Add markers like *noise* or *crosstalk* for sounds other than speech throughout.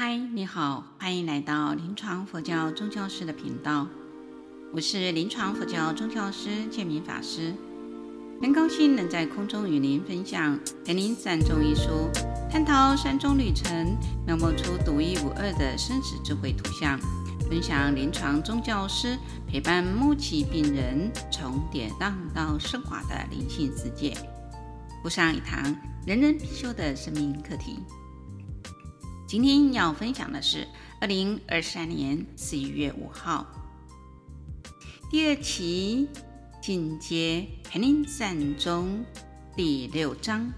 嗨，你好，歡迎來到臨床佛教宗教師的頻道。我是臨床佛教宗教師建明法師，很高興能在空中與您分享，陪您善終一書，探討善終旅程，描摹出獨一無二的生死智慧圖像，分享臨床宗教師陪伴末期病人從跌宕到升華的靈性世界，補上一堂人人必修的生命課題。今天要分享的是二零二三年十一月五號第二期《進階陪你善終》第六章。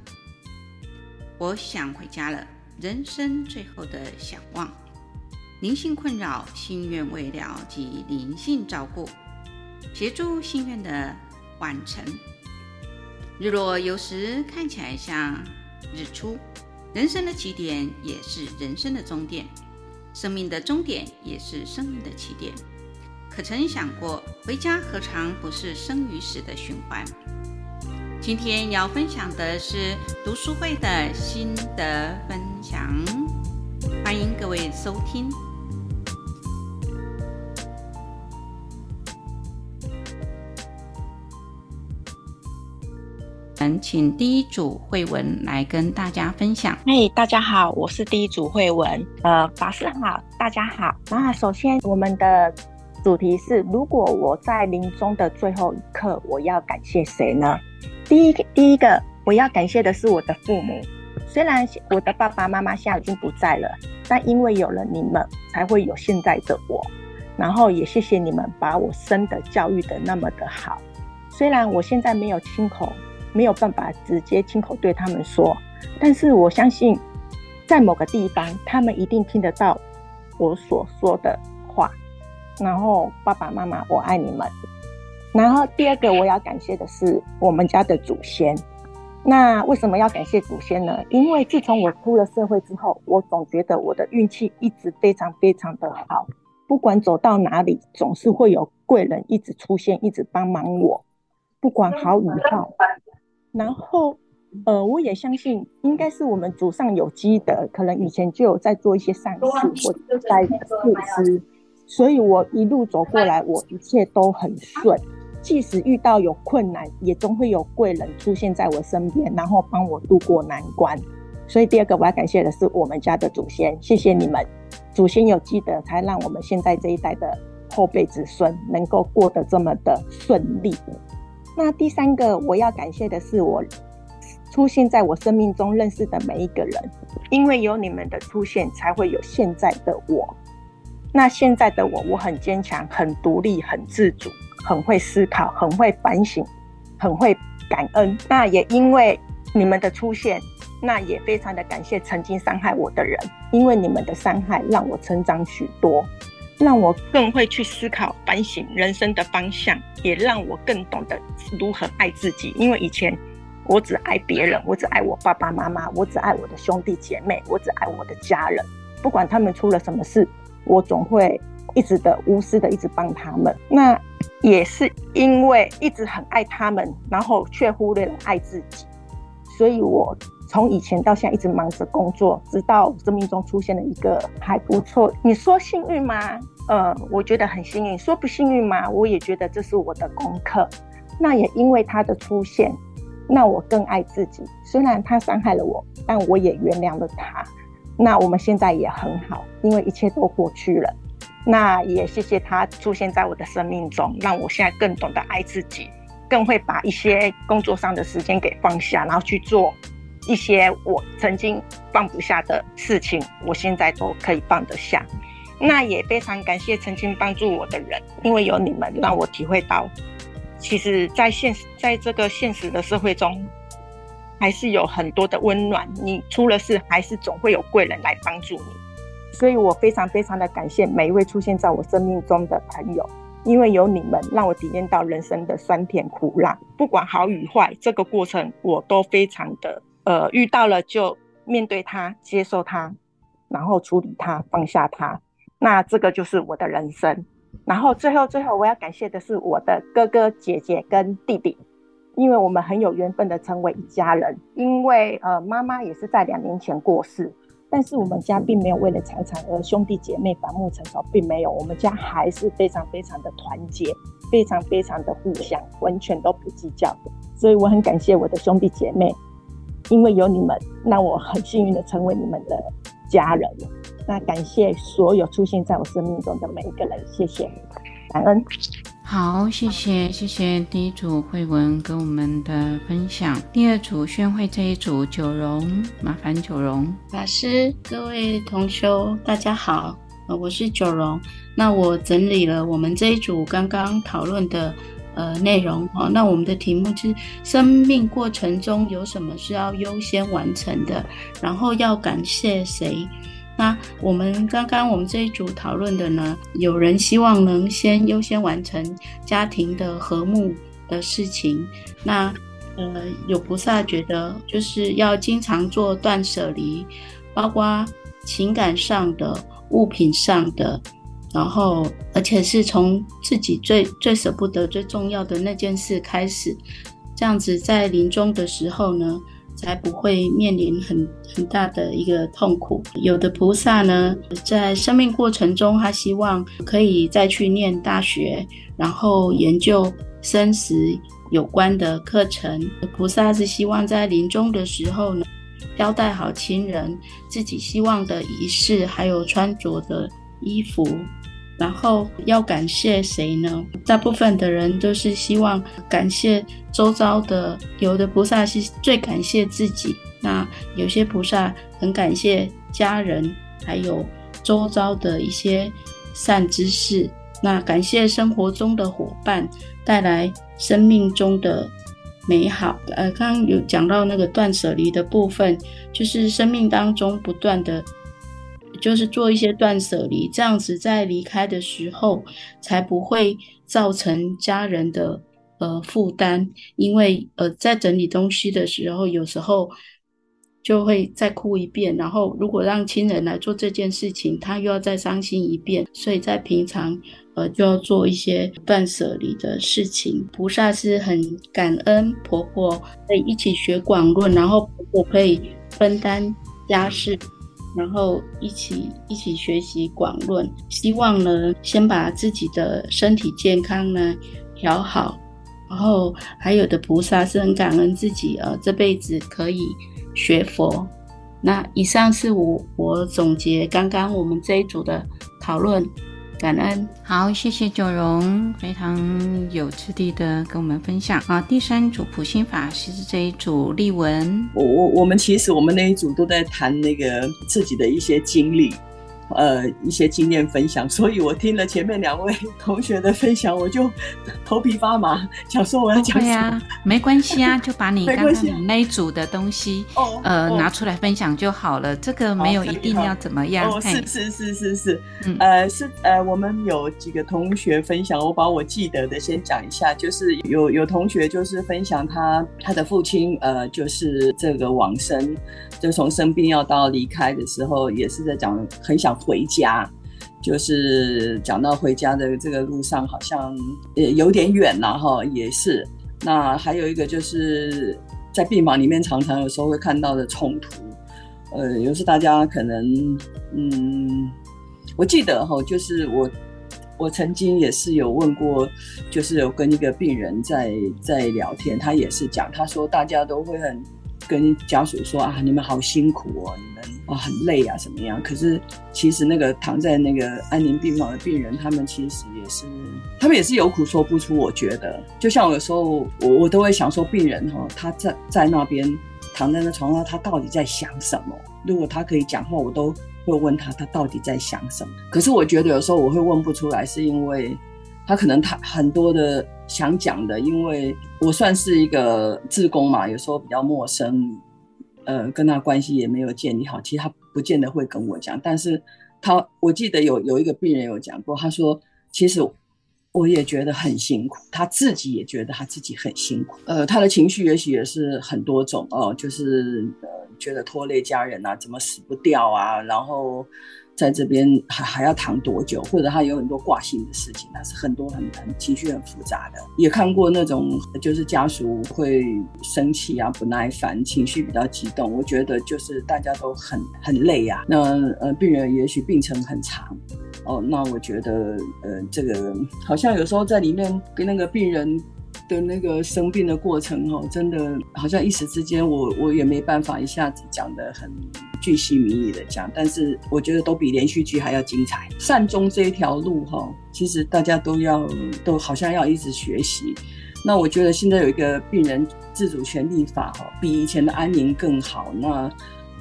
我想回家了，人生最後的想望，靈性困擾，心願未了及靈性照顧，協助心願的完成。日落有時看起來像日出。人生的起點，也是人生的終點，生命的終點也是生命的起點。可曾想過，回家何嘗不是生與死的循環？今天要分享的是讀書會的心得分享，歡迎各位收聽。請第一組慧文來跟大家分享。哎、hey，大家好，我是第一組慧文。呃，法師好，大家好。那首先，我們的主題是：如果我在臨終的最後一刻，我要感謝誰呢？第一個，第一個，我要感謝的是我的父母。雖然我的爸爸媽媽現在已經不在了，但因為有了你們，才會有現在的我。然後也謝謝你們把我生的、教育得那麼的好。雖然我現在沒有親口。沒有辦法直接親口對他們說，但是我相信，在某個地方，他們一定聽得到我所說的話。然後，爸爸媽媽，我愛你們。然後，第二個我要感謝的是我們家的祖先。那為什麼要感謝祖先呢？因為自從我出了社會之後，我總覺得我的運氣一直非常非常的好，不管走到哪裡，總是會有貴人一直出現，一直幫忙我。不管好與不好。 *laughs* 然後，呃，我也相信，應該是我們祖上有積德，可能以前就有在做一些善事、啊、或在布施、啊，所以我一路走過來、啊、我一切都很順、啊。即使遇到有困難，也總會有貴人出現在我身邊，然後幫我渡過難關。所以第二個我要感謝的是我們家的祖先，謝謝你們，祖先有積德，才讓我們現在這一代的後輩子孫能夠過得這麼的順利。那第三個我要感謝的是我出現在我生命中認識的每一個人，因為有你們的出現，才會有現在的我。那現在的我，我很堅強，很獨立，很自主，很會思考，很會反省，很會感恩。那也因為你們的出現，那也非常的感謝曾經傷害我的人，因為你們的傷害讓我成長許多。讓我更會去思考、反省人生的方向，也讓我更懂得如何愛自己。因為以前我只愛別人，我只愛我爸爸媽媽，我只愛我的兄弟姐妹，我只愛我的家人。不管他們出了什麼事，我總會一直的無私的一直幫他們。那也是因為一直很愛他們，然後卻忽略了愛自己。所以我。從以前到現在一直忙着工作，直到生命中出現了一個還不錯。你說幸運嗎？呃、嗯，我覺得很幸運。說不幸運嗎？我也覺得這是我的功課。那也因為他的出現，那我更愛自己。雖然他傷害了我，但我也原諒了他。那我們現在也很好，因為一切都過去了。那也謝謝他出現在我的生命中，讓我現在更懂得愛自己，更會把一些工作上的時間給放下，然後去做。一些我曾經放不下的事情，我現在都可以放得下。那也非常感謝曾經幫助我的人，因為有你們，讓我體會到，其實，在現，在這個現實的社會中，還是有很多的溫暖。你出了事，還是總會有貴人來幫助你。所以，我非常非常的感謝每一位出現在我生命中的朋友，因為有你們，讓我體驗到人生的酸甜苦辣。不管好與壞，這個過程我都非常的。呃，遇到了就面對他，接受他，然後處理他，放下他。那這個就是我的人生。然後最後最後，我要感謝的是我的哥哥姐姐跟弟弟，因為我們很有緣分的成為一家人。因為呃，媽媽也是在兩年前過世，但是我們家並沒有為了財產而兄弟姐妹反目成仇，並沒有。我們家還是非常非常的團結，非常非常的互相，完全都不計較。所以我很感謝我的兄弟姐妹。因為有你們，那我很幸運的成為你們的家人。那感謝所有出現在我生命中的每一個人，謝謝，感恩。好，謝謝謝謝第一組慧文跟我們的分享，第二組宣慧，這一組九榮，麻煩九榮法師。各位同修大家好，我是九榮，那我整理了我們這一組剛剛討論的。呃，內容啊，那我們的題目是：生命過程中有什麼是要優先完成的？然後要感謝誰？那我們剛剛我們這一組討論的呢，有人希望能先優先完成家庭的和睦的事情。那呃，有菩薩覺得就是要經常做斷舍離，包括情感上的、物品上的。然後，而且是從自己最最捨不得、最重要的那件事開始，這樣子在臨終的時候呢，才不會面臨很很大的一個痛苦。有的菩薩呢，在生命過程中，他希望可以再去念大學，然後研究生死有關的課程。菩薩是希望在臨終的時候呢，交代好親人，自己希望的儀式，還有穿着的衣服。然後要感謝誰呢？大部分的人都是希望感謝週遭的，有的菩薩是最感謝自己，那有些菩薩很感謝家人，還有週遭的一些善知識，那感謝生活中的夥伴，帶來生命中的美好。呃，剛剛有講到那個斷捨離的部分，就是生命當中不斷地。就是做一些斷捨離，這樣子在離開的時候才不會造成家人的呃負擔，因為呃在整理東西的時候，有時候就會再哭一遍，然後如果讓親人來做這件事情，他又要再傷心一遍，所以在平常呃就要做一些斷捨離的事情。菩薩是很感恩婆婆可以一起學廣論，然後婆婆可以分擔家事。然後一起一起學習《廣論》，希望呢，先把自己的身體健康呢調好，然後還有的菩薩是很感恩自己啊、哦，這輩子可以學佛。那以上是我我總結剛剛我們這一組的討論。感恩，好，謝謝九榮，非常有質地的跟我們分享啊。第三組普心法師這一組例文，哦、我我我們其實我們那一組都在談那個自己的一些經歷。呃，一些經驗分享，所以我聽了前面兩位同學的分享，我就頭皮發麻，想說我要講什麼？對呀、啊，沒關係啊，就把你剛剛那一組的東西呃、哦、拿出來分享就好了、哦，這個沒有一定要怎麼樣、哦哦。是是是是是、嗯，呃，是呃，我們有幾個同學分享，我把我記得的先講一下，就是有有同學就是分享他他的父親，呃，就是這個往生，就從生病要到離開的時候，也是在講很想。回家，就是講到回家的這個路上，好像呃有點遠吶哈，也是。那還有一個就是在病房裡面，常常有時候會看到的衝突，呃，有時大家可能嗯，我記得哈，就是我我曾經也是有問過，就是有跟一個病人在在聊天，他也是講，他說大家都會很跟家屬說啊，你們好辛苦哦，你們。啊、哦，很累啊，什麼樣？可是其實那個躺在那個安寧病房的病人，他們其實也是，他們也是有苦說不出。我覺得，就像我有時候我我都會想說，病人哈、哦，他在在那邊躺在那床上，他到底在想什麼？如果他可以講話，我都會問他，他到底在想什麼？可是我覺得有時候我會問不出來，是因為他可能他很多的想講的，因為我算是一個志工嘛，有時候比較陌生。呃，跟他關係也沒有建立好，其實他不見得會跟我講，但是他，我記得有有一個病人有講過，他說其實。我也覺得很辛苦，他自己也覺得他自己很辛苦。呃，他的情緒也許也是很多種哦，呃，就是呃覺得拖累家人啊，怎麼死不掉啊，然後在這邊還還要躺多久，或者他有很多掛心的事情，他是很多很很，很情緒很複雜的。也看過那種就是家屬會生氣啊、不耐煩，情緒比較激動。我覺得就是大家都很很累呀，啊。那呃，病人也許病程很長。哦，那我覺得，呃，這個好像有時候在裡面跟那個病人的那個生病的過程，哦，真的好像一時之間我，我我也沒辦法一下子講得很巨細靡遺的講，但是我覺得都比連續劇還要精彩。善終這一條路、哦，哈，其實大家都要、嗯、都好像要一直學習。那我覺得現在有一個病人自主權利法、哦，哈，比以前的安寧更好。那。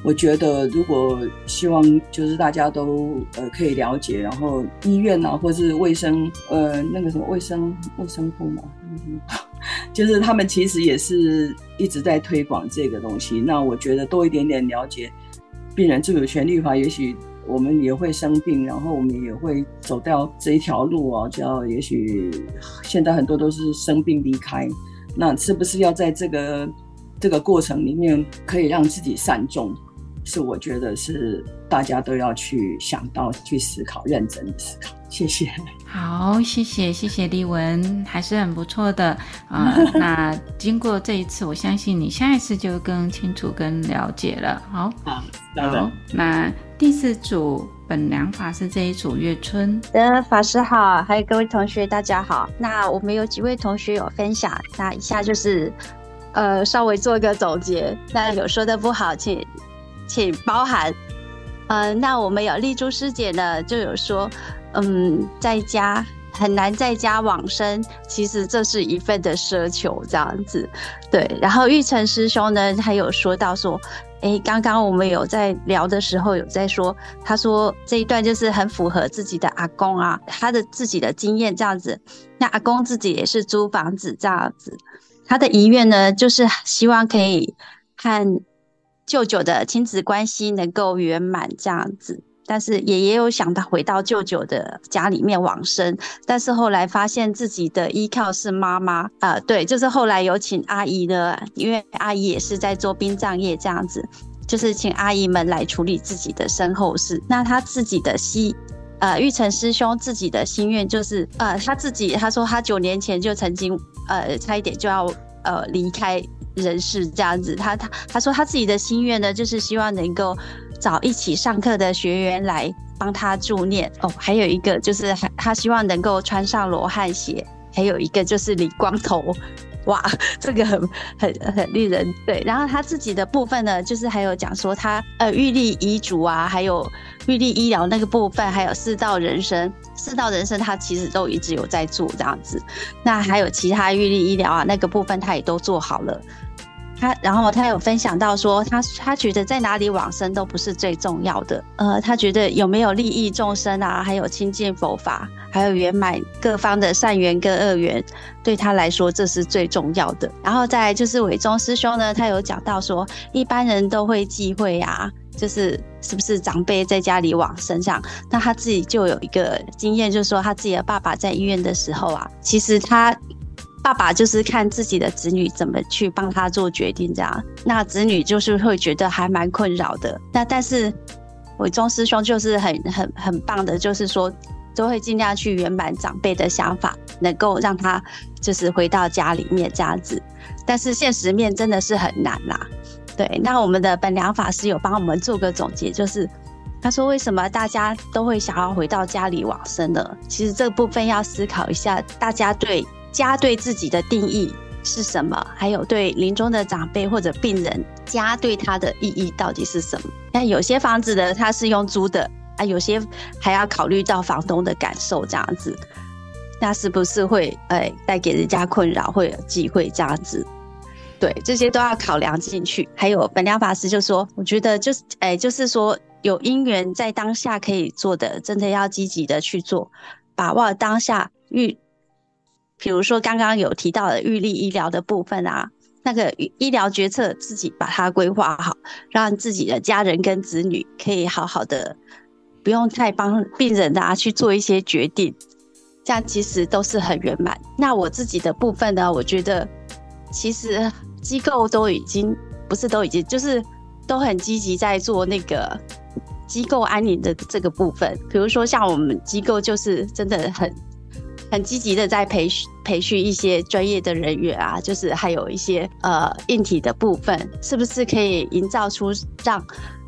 我覺得，如果希望就是大家都呃可以了解，然後醫院吶、啊，或是衛生呃那個什麼衛生衛生部嘛、嗯，就是他們其實也是一直在推廣這個東西。那我覺得多一點點了解病人自主權利法，也許我們也會生病，然後我們也會走到這一條路啊，叫也許現在很多都是生病離開，那是不是要在這個這個過程裡面可以讓自己善終？是，我覺得是大家都要去想到、去思考、認真的思考。謝謝。好，謝謝，謝謝麗文，還是很不錯的啊、 *laughs* 呃。那經過這一次，我相信你下一次就更清楚、跟了解了。好，啊、好，那第四組本良法師這一組，月春的法師好，還有各位同學大家好。那我們有幾位同學有分享，那一下就是呃，稍微做一個總結。那有說的不好，請。請包涵，嗯、呃、那我們有立珠師姐呢，就有說，嗯，在家很難在家往生，其實這是一份的奢求這樣子，對。然後玉成師兄呢，還有說到說，哎、欸，剛剛我們有在聊的時候有在說，他說這一段就是很符合自己的阿公啊，他的自己的經驗這樣子。那阿公自己也是租房子這樣子，他的遺願呢，就是希望可以看。舅舅的親子關係能夠圓滿這樣子，但是也也有想到回到舅舅的家裡面往生，但是後來發現自己的依靠是媽媽啊，呃，對，就是後來有請阿姨呢，因為阿姨也是在做殯葬業這樣子，就是請阿姨們來處理自己的身後事。那他自己的心，呃，玉成師兄自己的心願就是，呃，他自己他說他九年前就曾經，呃，差一點就要呃離開。人是這樣子，他他他說他自己的心願呢，就是希望能夠找一起上課的學員來幫他助念哦。還有一個就是他希望能夠穿上羅漢鞋，還有一個就是理光頭。哇，這個很很很令人對。然後他自己的部分呢，就是還有講說他呃預立遺囑啊，還有預立醫療那個部分，還有四道人生。四道人生他其實都一直有在做這樣子。那還有其他預立醫療啊那個部分他也都做好了。他然後他有分享到說，他他覺得在哪裡往生都不是最重要的，呃，他覺得有沒有利益眾生啊，還有親近佛法，還有圓滿各方的善緣跟惡緣，對他來說這是最重要的。然後再來就是偉宗師兄呢，他有講到說，一般人都會忌諱啊，就是是不是長輩在家裡往生上，那他自己就有一個經驗，就是說他自己的爸爸在醫院的時候啊，其實他爸爸就是看自己的子女怎麼去幫他做決定這樣，那子女就是會覺得還蠻困擾的。那但是偉宗師兄就是很很很棒的，就是說。都會盡量去圓滿長輩的想法，能夠讓他就是回到家裡面這樣子，但是現實面真的是很難啦、啊。對，那我們的本良法師有幫我們做個總結，就是他說為什麼大家都會想要回到家裡往生呢？其實這部分要思考一下，大家對家對自己的定義是什麼，還有對臨終的長輩或者病人，家對他的意義到底是什麼？那有些房子呢，它是用租的。啊，有些還要考慮到房東的感受這樣子，那是不是會哎、欸、帶給人家困擾，會有機會這樣子？對，這些都要考量進去。還有本亮法師就說，我覺得就是哎、欸，就是說有因緣在當下可以做的，真的要積極的去做，把握當下。預，比如說剛剛有提到的預立醫療的部分啊，那個醫療決策自己把它規劃好，讓自己的家人跟子女可以好好的。不用再幫病人啊去做一些決定，這樣其實都是很圓滿。那我自己的部分呢，我覺得其實機構都已經不是都已經就是都很積極在做那個機構安寧的這個部分。比如說像我們機構，就是真的很很積極的在培訓培訓一些專業的人員啊，就是還有一些呃硬體的部分，是不是可以營造出讓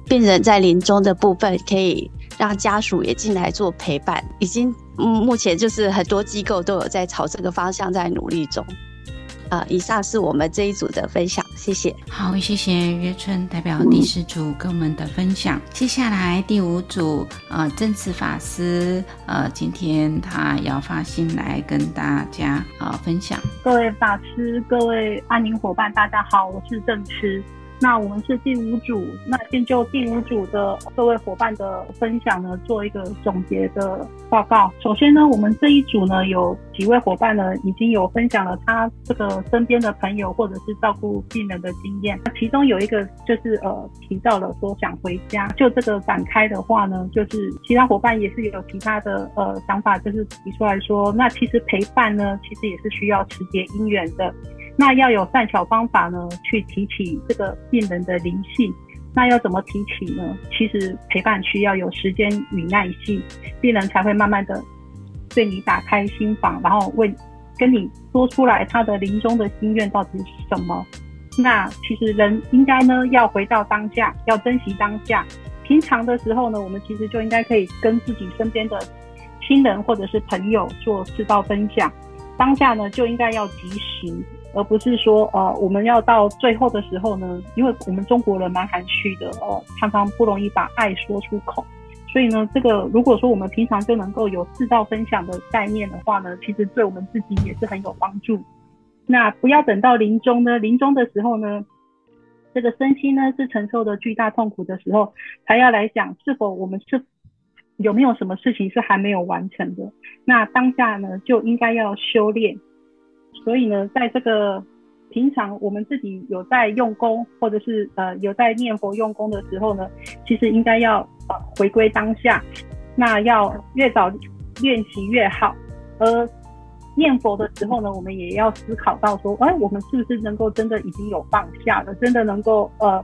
病人在臨終的部分可以，讓家屬也進來做陪伴，已經目前就是很多機構都有在朝這個方向在努力中。呃，以上是我們這一組的分享，謝謝。好，謝謝月春代表第四組跟我們的分享，嗯。接下來第五組，呃，正慈法師，呃，今天他要發心來跟大家啊、呃、分享。各位法師，各位安寧夥伴，大家好，我是正慈。那我們是第五組，那先就第五組的各位夥伴的分享呢，做一個總結的報告。首先呢，我們這一組呢，有幾位夥伴呢，已經有分享了他這個身邊的朋友或者是照顧病人的經驗。那其中有一個就是呃，提到了說想回家。就這個展開的話呢，就是其他夥伴也是有其他的呃想法，就是提出來說，那其實陪伴呢，其實也是需要直接因緣的。那要有善巧方法呢，去提起這個病人的靈性。那要怎麼提起呢？其實陪伴需要有時間與耐性，病人才會慢慢的對你打開心房，然後問，跟你說出來他的臨終的心願到底是什麼。那其實人應該呢，要回到當下，要珍惜當下。平常的時候呢，我們其實就應該可以跟自己身邊的親人或者是朋友做四道分享。當下呢，就應該要及時。而不是說，呃，我們要到最後的時候呢，因為我們中國人蠻含蓄的哦、呃，常常不容易把愛說出口，所以呢，這個如果說我們平常就能夠有四道分享的概念的話呢，其實對我們自己也是很有幫助。那不要等到臨終呢，臨終的時候呢，這個身心呢是承受的巨大痛苦的時候，才要來講是否我們是有沒有什麼事情是還沒有完成的。那當下呢，就應該要修煉。所以呢，在這個平常我們自己有在用功，或者是呃有在念佛用功的時候呢，其實應該要、呃、回歸當下，那要越早練習越好。而念佛的時候呢，我們也要思考到說，哎、呃，我們是不是能夠真的已經有放下了，真的能夠呃。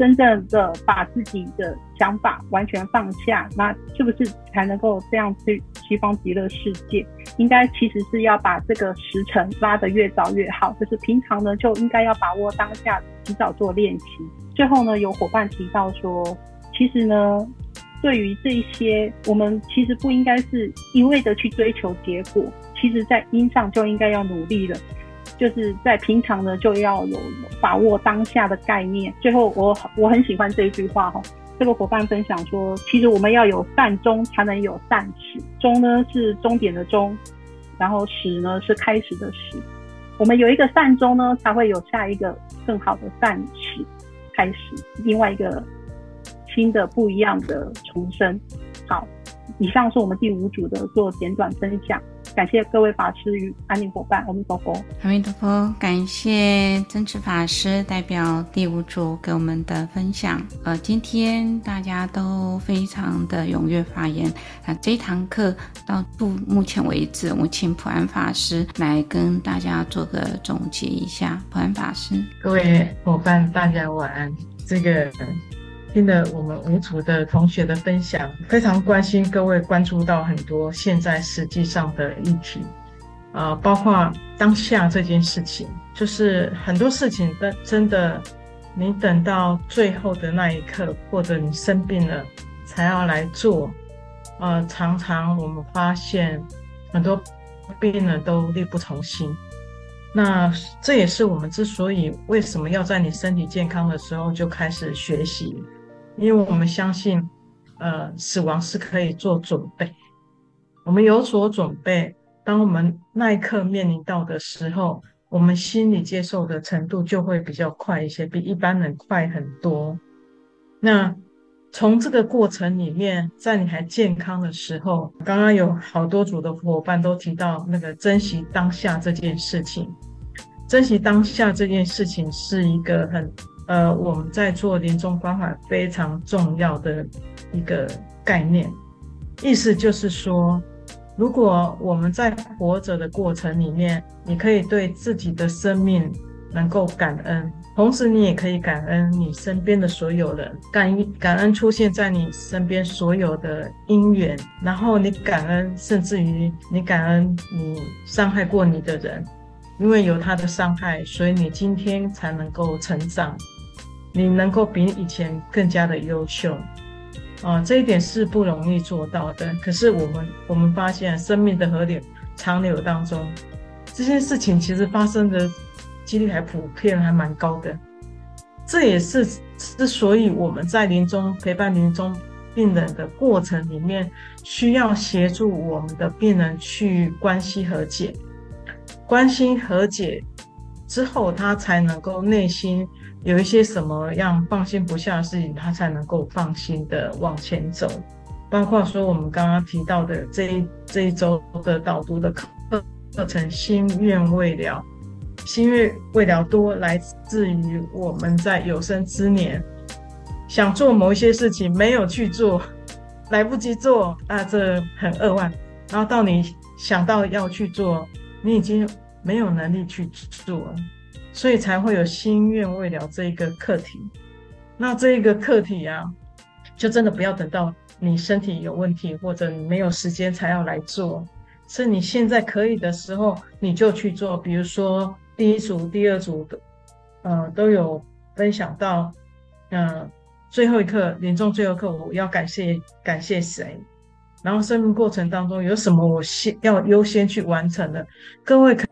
真正的把自己的想法完全放下，那是不是才能夠這樣去西方極樂世界？應該其實是要把這個時辰拉得越早越好，就是平常呢就應該要把握當下，提早做練習。最後呢，有夥伴提到說，其實呢，對於這一些，我們其實不應該是一味的去追求結果，其實在因上就應該要努力了。就是在平常呢，就要有把握當下的概念。最後我，我我很喜歡這一句話哈、哦，這個夥伴分享說，其實我們要有善終，才能有善始。終呢是終點的終，然後始呢是開始的始。我們有一個善終呢，才會有下一個更好的善始開始，另外一個新的不一樣的重生。好。以上是我們第五組的做簡短分享，感謝各位法師與安寧夥伴，阿彌陀佛。阿彌陀佛，感謝增持法師代表第五組給我們的分享。呃，今天大家都非常的踴躍發言，那、呃、這堂課到目前為止，我請普安法師來跟大家做個總結一下。普安法師。各位夥伴，大家晚安。這個。聽了我們五組的同學的分享，非常關心，各位關注到很多現在實際上的議題，呃，包括當下這件事情，就是很多事情真真的，你等到最後的那一刻，或者你生病了才要來做，呃，常常我們發現很多病人都力不從心，那這也是我們之所以為什麼要在你身體健康的時候就開始學習。因為我們相信，呃，死亡是可以做準備。我們有所準備，當我們那一刻面臨到的時候，我們心理接受的程度就會比較快一些，比一般人快很多。那從這個過程裡面，在你還健康的時候，剛剛有好多組的夥伴都提到那個珍惜當下這件事情。珍惜當下這件事情是一個很。呃，我們在做臨終關懷非常重要的一個概念，意思就是說，如果我們在活着的過程裡面，你可以對自己的生命能夠感恩，同時你也可以感恩你身邊的所有人，感感恩出現在你身邊所有的因緣，然後你感恩，甚至於你感恩你傷害過你的人，因為有他的傷害，所以你今天才能夠成長。你能夠比以前更加的優秀，啊，這一點是不容易做到的。可是我們我們發現生命的河流長流當中，這件事情其實發生的幾率還普遍還蠻高的。這也是之所以我們在臨終陪伴臨終病人的過程裡面，需要協助我們的病人去關係和解，關心和解。之後，他才能夠內心有一些什麼樣放心不下的事情，他才能夠放心的往前走。包括說我們剛剛提到的這一這一周的導讀的課程，心願未了，心願未了多來自於我們在有生之年想做某一些事情沒有去做，來不及做，那這很扼腕。然後到你想到要去做，你已經。沒有能力去做，所以才會有心願未了這一個課題。那這一個課題啊，就真的不要等到你身體有問題或者你沒有時間才要來做，是你現在可以的時候，你就去做。比如說第一組、第二組的，呃，都有分享到，嗯、呃，最後一課，臨終最後一課，我要感謝感謝誰？然後生命過程當中有什麼我先要優先去完成的？各位可。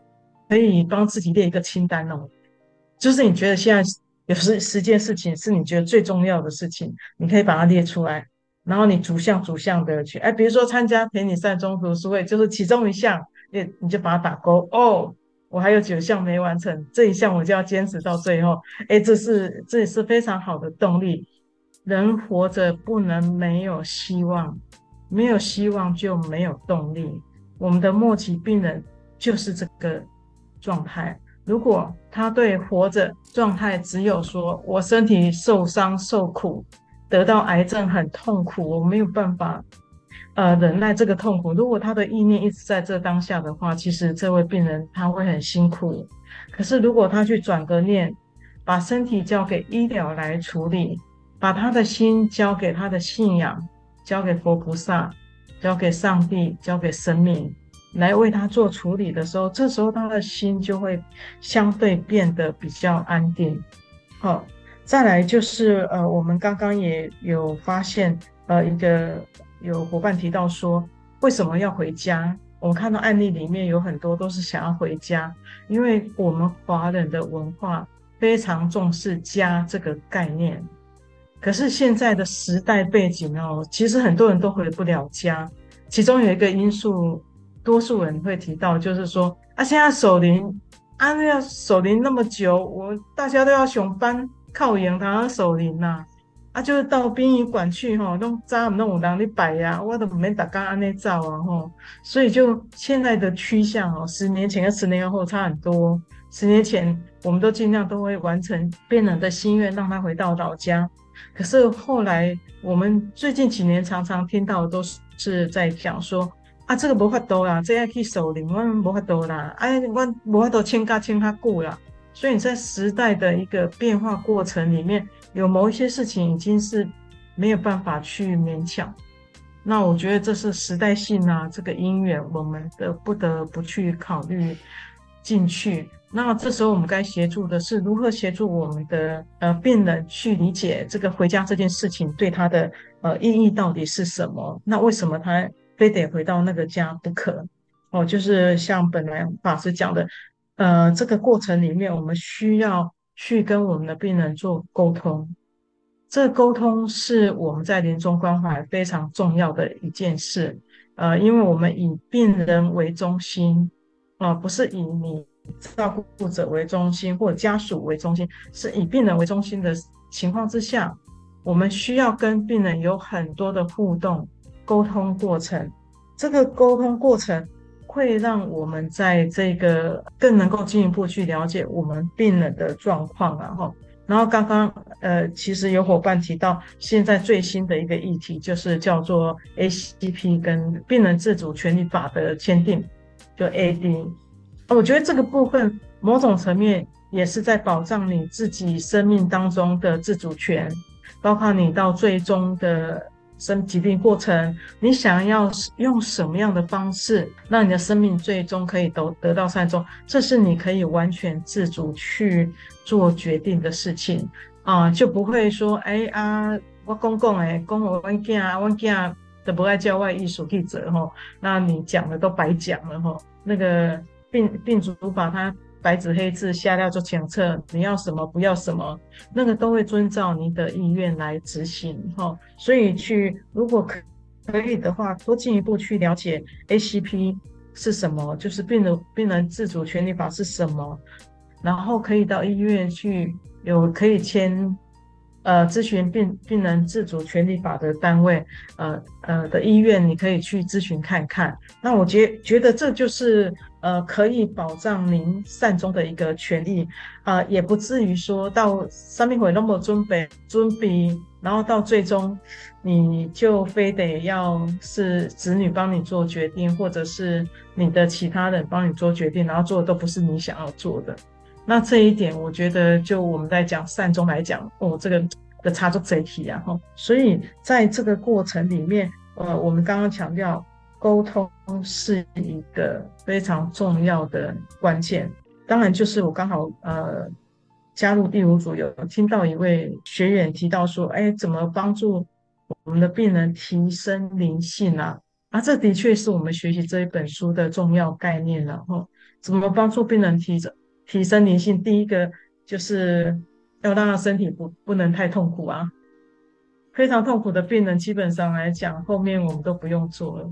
可以幫自己列一個清單哦，就是你覺得現在有十十件事情是你覺得最重要的事情，你可以把它列出來，然後你逐項逐項的去哎，比如說參加陪你善終讀書會，就是其中一項，你你就把它打勾哦。我還有九項沒完成，這一項我就要堅持到最後。哎，這是這也是非常好的動力。人活着不能沒有希望，沒有希望就沒有動力。我們的末期病人就是這個。狀態，如果他對活着狀態只有說我身體受傷受苦，得到癌症很痛苦，我沒有辦法，呃，忍耐這個痛苦。如果他的意念一直在這當下的話，其實這位病人他會很辛苦。可是如果他去轉個念，把身體交給醫療來處理，把他的心交給他的信仰，交給佛菩薩，交給上帝，交給生命。來為他做處理的時候，這時候他的心就會相對變得比較安定。好，再來就是呃，我們剛剛也有發現呃，一個有夥伴提到說，為什麼要回家？我們看到案例裡面有很多都是想要回家，因為我們華人的文化非常重視家這個概念。可是現在的時代背景哦，其實很多人都回不了家，其中有一個因素。多數人會提到，就是說啊，啊，現在守靈，啊要守靈那麼久，我大家都要上班，靠陽台守靈吶，啊就是到殯儀館去哈，都扎唔弄有當你擺呀，我都唔免大家安尼走啊哈，所以就現在的趨向哦，十年前跟十年後差很多。十年前我們都盡量都會完成病人的心願，讓他回到老家。可是後來，我們最近幾年常常聽到的都是在講說。啊，這個無法度啦，這樣去守靈，我們無法度啦，哎，我們無法度牽掛牽掛顧啦。所以，在時代的一個變化過程裡面，有某一些事情已經是沒有辦法去勉強。那我覺得這是時代性啊，這個因緣，我們得不得不去考慮進去。那這時候，我們該協助的是如何協助我們的呃病人去理解這個回家這件事情對他的呃意義到底是什麼？那為什麼他？非得回到那個家不可哦，就是像本來法師講的，呃，這個過程裡面，我們需要去跟我們的病人做溝通。這個溝通是我們在臨終關懷非常重要的一件事，呃，因為我們以病人為中心啊，呃，不是以你照顧者為中心或者家屬為中心，是以病人為中心的情況之下，我們需要跟病人有很多的互動。溝通過程，這個溝通過程會讓我們在這個更能夠進一步去了解我們病人的狀況啊，吼。然後剛剛呃，其實有夥伴提到現在最新的一個議題就是叫做 ACP 跟病人自主權利法的簽訂，就 AD。我覺得這個部分某種層面也是在保障你自己生命當中的自主權，包括你到最終的。生疾病過程，你想要用什麼樣的方式，讓你的生命最終可以得得到善終，這是你可以完全自主去做決定的事情啊，就不會說，哎啊，我公公哎，公公我囝我囝，的不愛叫外醫術記者哈，那你講的都白講了哈，哦，那個病病主把它。白紙黑字下料做檢測，你要什麼不要什麼，那個都會遵照你的意願來執行哈。所以去，如果可以的話，多進一步去了解 ACP 是什麼，就是病人病人自主權利法是什麼，然後可以到醫院去，有可以簽。呃，諮詢病病人自主權利法的單位，呃呃的醫院，你可以去諮詢看看。那我覺得覺得這就是呃可以保障您善終的一個權利，啊、呃，也不至於說到生命會那麼準備準備，然後到最終你就非得要是子女幫你做決定，或者是你的其他人幫你做決定，然後做的都不是你想要做的。那這一點，我覺得就我們在講善終來講，我、哦、這個的插座賊題，然後、哦，所以在這個過程裡面，呃，我們剛剛強調溝通是一個非常重要的關鍵。當然，就是我剛好呃加入第五組，有聽到一位學員提到說，哎，怎麼幫助我們的病人提升靈性啊，啊，這的確是我們學習這一本書的重要概念，然、哦、後，怎麼幫助病人提着？提升靈性，第一個就是要讓他身體不不能太痛苦啊。非常痛苦的病人，基本上來講，後面我們都不用做了，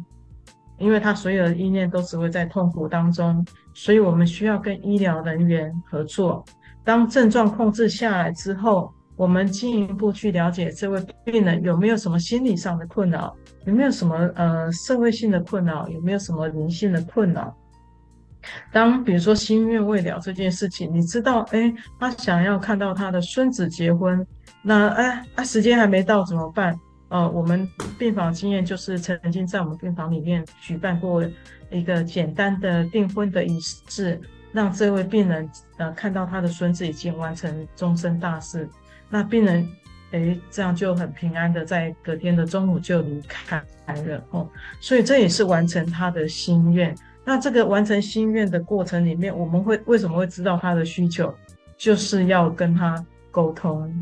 因為他所有的意念都只會在痛苦當中，所以我們需要跟醫療人員合作。當症狀控制下來之後，我們進一步去了解這位病人有沒有什麼心理上的困擾，有沒有什麼，呃，社會性的困擾，有沒有什麼靈性的困擾。當比如說心願未了這件事情，你知道，哎，他想要看到他的孫子結婚，那哎，他時間還沒到怎麼辦？呃，我們病房經驗就是曾經在我們病房裡面舉辦過一個簡單的訂婚的儀式，讓這位病人呃看到他的孫子已經完成終身大事，那病人哎這樣就很平安的在隔天的中午就離開了哦，所以這也是完成他的心願。那這個完成心願的過程裡面，我們會為什麼會知道他的需求？就是要跟他溝通，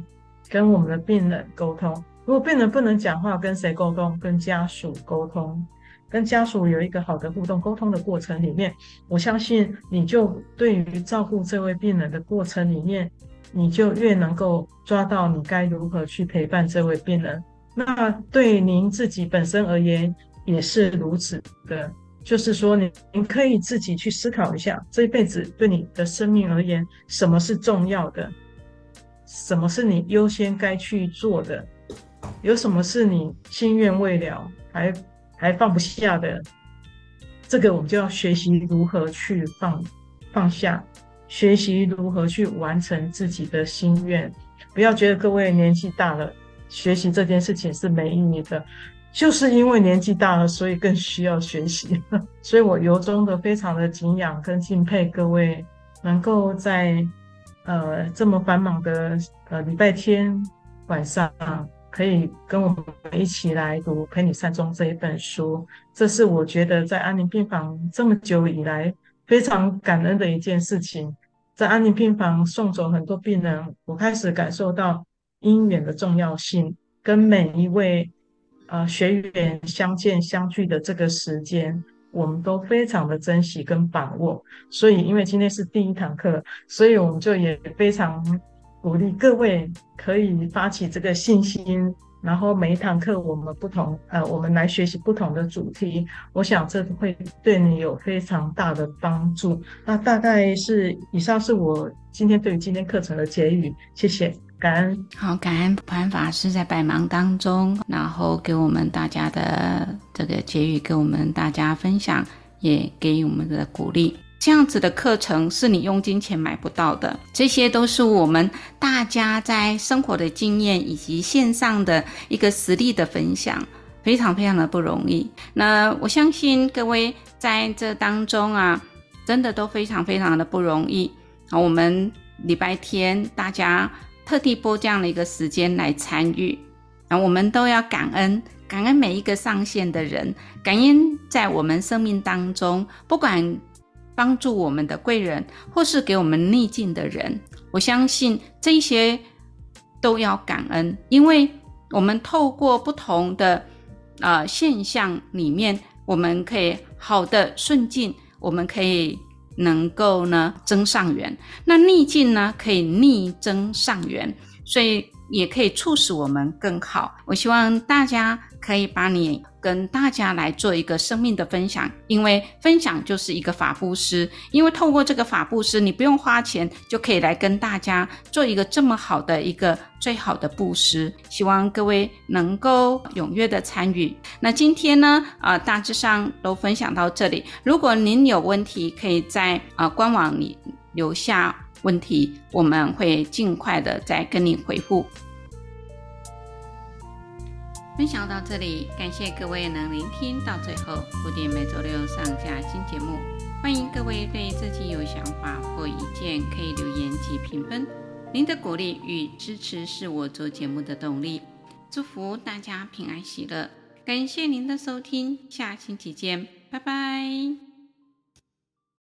跟我們的病人溝通。如果病人不能講話，跟誰溝通？跟家屬溝通。跟家屬有一個好的互動溝通的過程裡面，我相信你就對於照顧這位病人的過程裡面，你就越能夠抓到你該如何去陪伴這位病人。那對您自己本身而言也是如此的。就是說，你你可以自己去思考一下，這一輩子對你的生命而言，什麼是重要的？什麼是你優先該去做的？有什麼是你心願未了，還還放不下的？這個我們就要學習如何去放放下，學習如何去完成自己的心願。不要覺得各位年紀大了，學習這件事情是沒意義的。就是因為年紀大了，所以更需要學習， *laughs* 所以我由衷的非常的敬仰跟敬佩各位，能夠在呃這麼繁忙的呃禮拜天晚上，可以跟我們一起來讀《陪你善終》這一本書，這是我覺得在安寧病房這麼久以來非常感恩的一件事情。在安寧病房送走很多病人，我開始感受到因緣的重要性，跟每一位。呃，學員相見相聚的這個時間，我們都非常的珍惜跟把握。所以，因為今天是第一堂課，所以我們就也非常鼓勵各位可以發起這個信心。然後，每一堂課我們不同，呃，我們來學習不同的主題。我想這會對你有非常大的幫助。那大概是以上是我今天對於今天課程的結語。謝謝。感恩，好，感恩普安法師在百忙當中，然後給我們大家的這個結語，給我們大家分享，也給予我們的鼓勵。這樣子的課程是你用金錢買不到的，這些都是我們大家在生活的經驗以及線上的一個實力的分享，非常非常的不容易。那我相信各位在這當中啊，真的都非常非常的不容易。好，我們禮拜天大家特地撥這樣的一個時間來參與啊，我們都要感恩，感恩每一個上線的人，感恩在我們生命當中，不管幫助我們的貴人，或是給我們逆境的人，我相信這些都要感恩，因為我們透過不同的呃現象裡面，我們可以好的順境，我們可以。能夠呢增上緣，那逆境呢可以逆增上緣，所以，也可以促使我們更好。我希望大家可以把你跟大家來做一個生命的分享，因為分享就是一個法布施，因為透過這個法布施，你不用花錢就可以來跟大家做一個這麼好的一個最好的布施。希望各位能夠踴躍的參與。那今天呢，啊，大致上都分享到這裡。如果您有問題，可以在啊、呃、官網裡留下問題，我們會盡快的再跟您回復。分享到這裡，感謝各位能聆聽到最後。不定每週六上架新節目，歡迎各位對自己有想法或意見可以留言及評分。您的鼓勵與支持是我做節目的動力。祝福大家平安喜樂，感謝您的收聽，下星期見，拜拜。